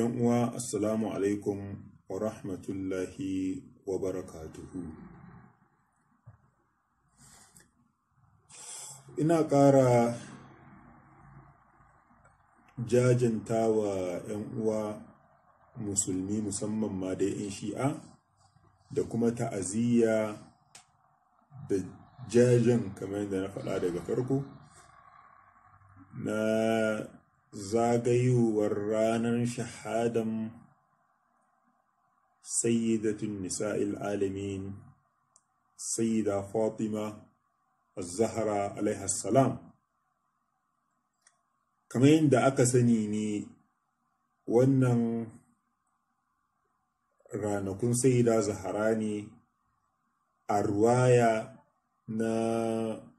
'yan uwa assalamu alaikum wa rahmatullahi wa barakatuhu ina ƙara jajanta wa 'yan uwa musulmi musamman ma dai in shi'a da kuma ta'aziyya da jajen kamar yadda na faɗa daga farko na زاغي ورانا شحادم سيدة النساء العالمين سيدة فاطمة الزهرة عليها السلام كمين دا أكسنيني ونن رانكن سيدة زهراني الرواية نا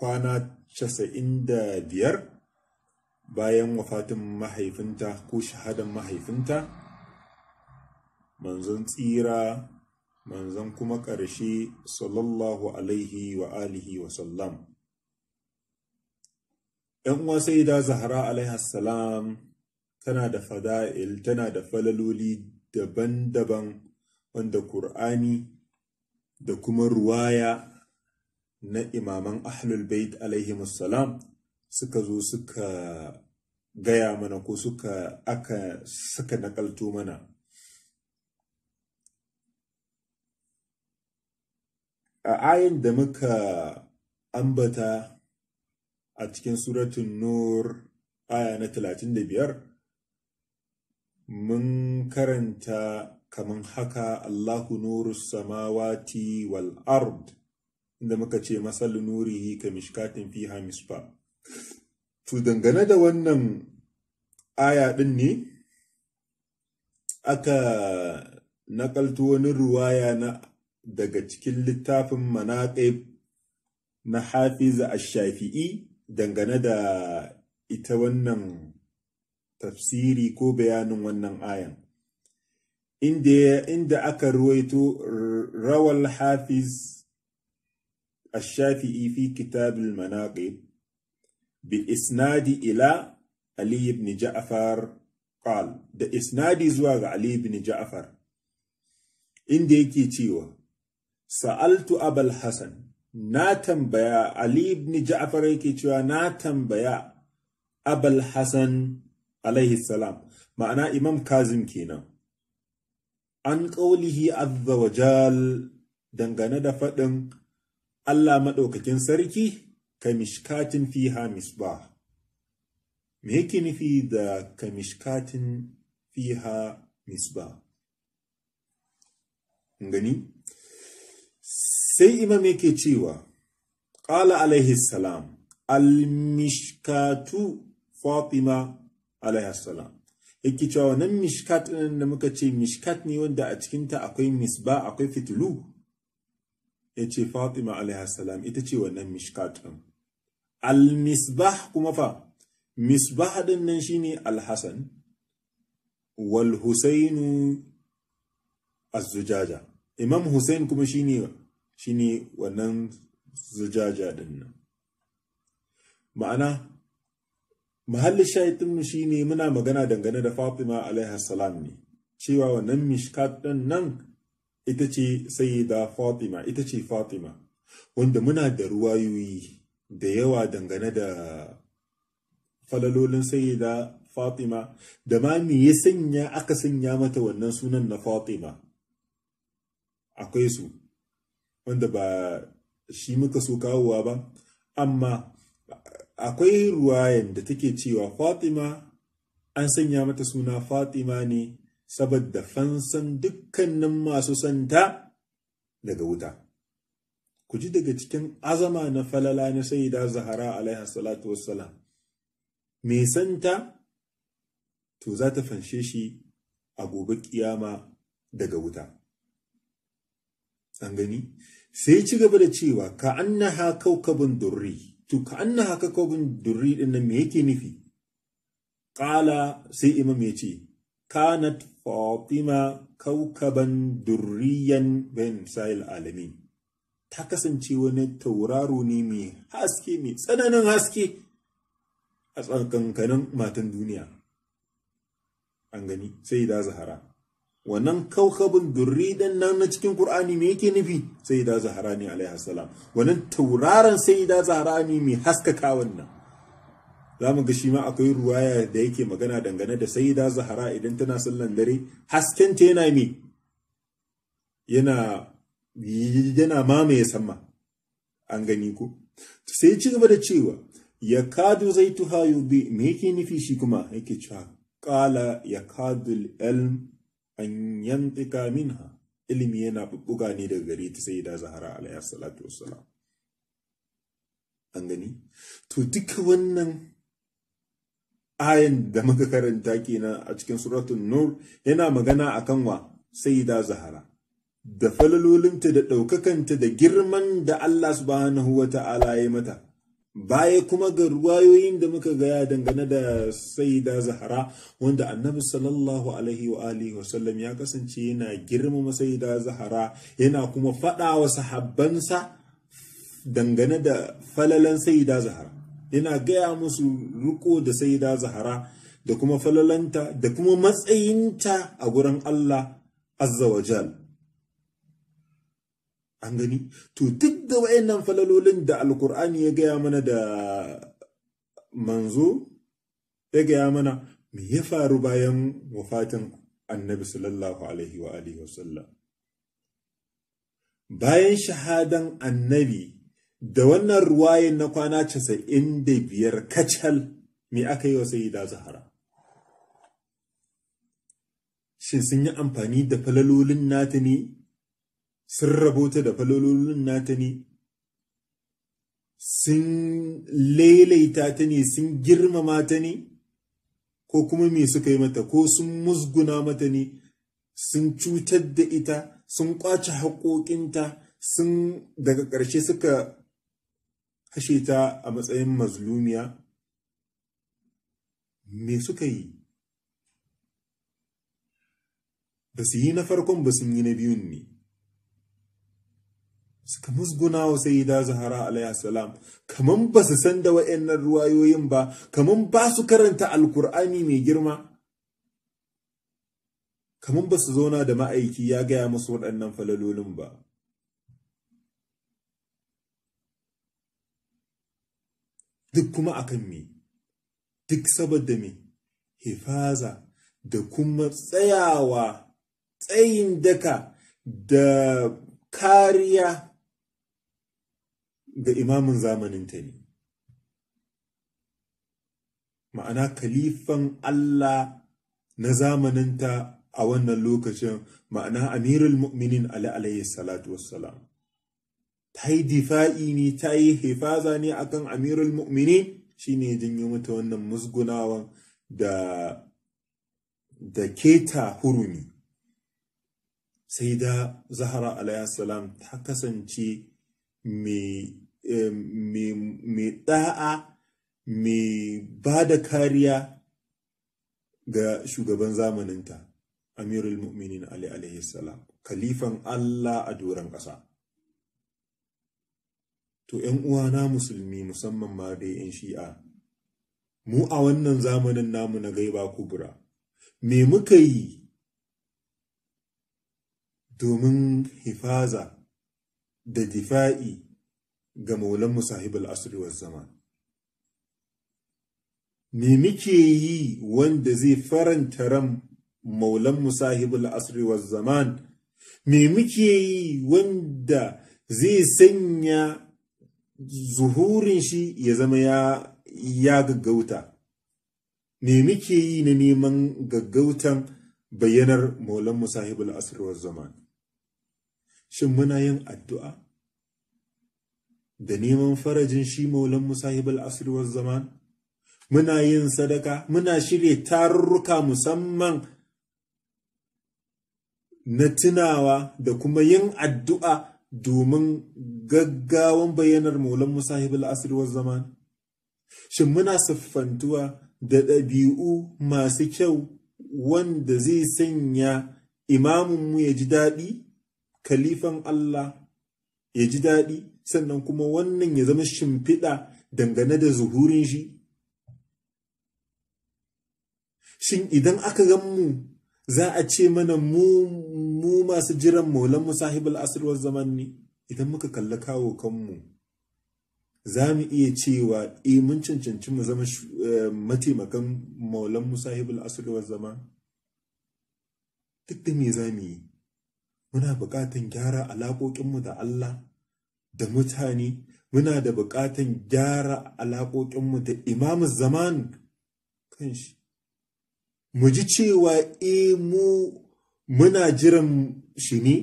كانت شسئندا بيرك bayan wafatin mahaifinta ko shahadan mahaifinta manzon tsira manzon kuma ƙarshe sallallahu alaihi wa alihi wa sallam ‘yan uwa saida da zahara salam tana da fada'il tana da falaloli daban-daban wanda ƙur'ani da kuma ruwaya na imaman ahlul bait alaihi salam suka zo suka gaya mana ko suka aka suka nakalto mana a ayin da muka ambata a cikin suratun nur aya na 35 mun karanta kaman haka Allahu nuru samawati wal ard inda muka ce masal nurihi ka mishkatin fiha misbah su dangane da wannan aya ɗin ne aka nakalto wani ruwaya na daga cikin littafin manaƙib na hafiza ash-shafi'i dangane da ita wannan tafsiri ko bayanin wannan ayan inda aka ruwaito rawal hafiz ashafi’i shafii fi kitabin manaƙe bi isnadi ila Ali ibn Ja'far qal da isnadi zuwa ga Ali ibn Ja'far inda yake cewa sa'altu abal hasan na tambaya Ali ibn Ja'far yake cewa na tambaya abal hasan alaihi salam ma'ana imam Kazim kenan an qaulihi azza wajal dangane da faɗin Allah maɗaukakin sarki kamishkatin ha misbah me yake nufi da kamishkatin fiha misbah gani sai imam yake cewa ƙala alaihi salam almishkatu fatima alaihi salam yake cewa wannan mishkat ɗin da muka ce mishkat ne wanda a cikinta akwai misba akwai fitilu ya ce fatima alaihassalam ita ce wannan mishkat ɗin al-misbah kuma fa misbah ɗin nan ne al hassan wal husainu az-zujaja imam Hussein kuma shi ne wannan zujaja ɗin nan ma'ana mahallin shaitinmu ne muna magana dangane da fatima alaihassalam ne cewa wannan mishkat ɗin nan ita ce sayyida fatima ita ce fatima wanda muna da ruwayoyi da yawa dangane da falalolin sayyida fatima da ma me ya sanya aka sanya mata wannan sunan na fatima akwai su wanda ba shi muka so kawowa ba amma akwai ruwayan da take cewa fatima an sanya mata suna fatima ne saboda fansan dukkanin masu santa daga wuta. Ku ji daga cikin azama na falala na saida Zahara alaihi salatu wassalam. Me santa to za ta fanshe shi a gobe kiyama daga wuta. An gani? Sai ci gaba da cewa ka annaha kaukabin durri. To ka annaha kaukabin durri ɗin nan me yake nufi? Ƙala sai imam ya ce, kanat fatima kaukaban durriyan bayan sa'il alamin ta kasance wani tauraro ne mai haske mai tsananin haske a tsakankanin matan duniya an gani sai da zahara wannan kaukabin durri dan nan na cikin qur'ani me yake nufi sai da zahara ne alaihi salam wannan tauraron sai da zahara ne mai haskaka wannan za mu ga shi ma akwai ruwaya da yake magana dangane da sai da zahara idan tana sallan dare hasken ta yana mi yana yana mamaye sama an gani ko sai ci gaba da cewa ya kadu zaituha bi me yake nufi shi kuma yake cewa qala ya kadu ilm an yantika minha ilimi yana bubbuga ne daga gare ta sai da zahara alayhi salatu wassalam an gani to duka wannan ayin da muka karanta kenan a cikin suratun nur yana magana akan wa sayyida zahara da falalolinta da ɗaukakanta da girman da Allah subhanahu wa ta'ala ya mata baya kuma ga ruwayoyin da muka gaya dangane da sayyida zahara wanda annabi sallallahu alaihi wa alihi wasallam ya kasance yana girmama sayyida zahara yana kuma faɗa wa sahabbansa dangane da falalan sayyida zahara yana gaya musu riko da saida zahara da kuma falalanta da kuma matsayinta a gurin Allah azza wa jal an gani to duk da wayannan falalolin da alkur'ani ya gaya mana da manzo ya gaya mana me ya faru bayan wafatin annabi sallallahu alaihi wa alihi wasallam bayan shahadan annabi da wannan ruwayen na kwana casa'in da biyar kacal me aka yi wa sayida zahara shin sun yi amfani da falalolin nata ne sun rabota da falalolin nata ne sun lailaita ta ne sun girmama ta ne ko kuma me suka yi mata ko sun musguna mata ne sun cutar da ita sun kwace haƙoƙinta sun daga ƙarshe suka kashe ta a matsayin mazlumiya me suka yi ba su yi na farkon ba sun yi na biyun ne suka musguna wa da zahara alayhi salam kaman ba su san da wa'annan ruwayoyin ba kaman ba su karanta alkur'ani mai girma kaman ba su zauna da ma'aiki ya gaya musu waɗannan falalolin ba duk kuma a kan me duk saboda me hifaza da kuma tsayawa tsayin daka da kariya ga imamin ta ne ma'ana kalifan Allah na zamaninta a wannan lokacin ma'ana amirul mu'minin ali alayhi salatu wassalam ta yi difa'i ne ta yi hifaza ne a kan amirul shi shine ya janyo mata wannan musgunawan da da keta hurumi sai da zahara alayhi ta kasance mai eh, da'a mai ba da kariya ga shugaban zamaninta amirul mu'minin ali kalifan allah a doron ƙasa to ‘yan uwana musulmi musamman ma dai ‘yan shi'a, mu a wannan zamanin namu na gaiba kubura, me muka yi domin hifaza da difa'i ga maulan sahibul asri wa zaman. Me muke yi wanda zai faranta ran maulan sahibul asri wa zaman, me muke yi wanda zai sanya zuhurin shi ya zama ya ya gaggauta me muke yi na neman gaggautan bayyanar maulan musahibul asr zaman shin muna yin addu'a da neman farajin shi maulan musahibul asr zaman muna yin sadaka muna shirya tarurruka musamman na tunawa da kuma yin addu'a domin gaggawan bayyanar maulan musahib al’asir wa zaman shin muna siffantuwa da ɗabi'u masu kyau wanda zai sanya imamunmu ya ji daɗi kalifan Allah ya ji daɗi sannan kuma wannan ya zama shimfiɗa dangane da zuhurin shi shin idan aka gan mu za a ce mana mu masu jiran maulan musahibul asirwar zaman ne idan muka kalla kawo kanmu za mu iya cewa e mun cancanci mu zama eh, mataimakan maulan musahibul asirwar zaman duk da me za mu yi muna buƙatan gyara alaƙoƙinmu da Allah da mutane muna da buƙatan gyara alaƙoƙinmu da imamu zaman kanshi mu ji cewa e mu muna jiran shi ne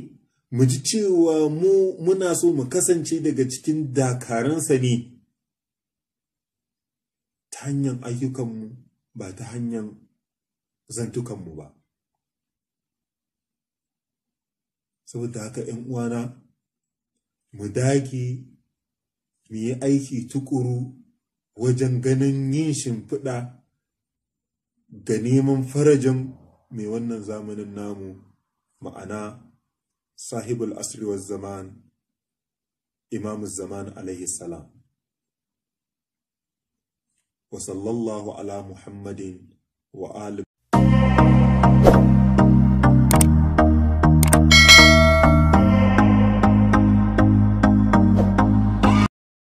mu ji cewa mu muna so mu kasance daga cikin dakaransa ne ta hanyar ayyukanmu ba ta hanyar zantukanmu ba saboda haka ‘yan uwana mu dage mu yi aiki tukuru wajen ganin yin shimfiɗa da neman farajin mai wannan zamanin namu ma'ana sahibul asri wa zaman imamu zaman alaihi salam wa sallallahu ala muhammadin wa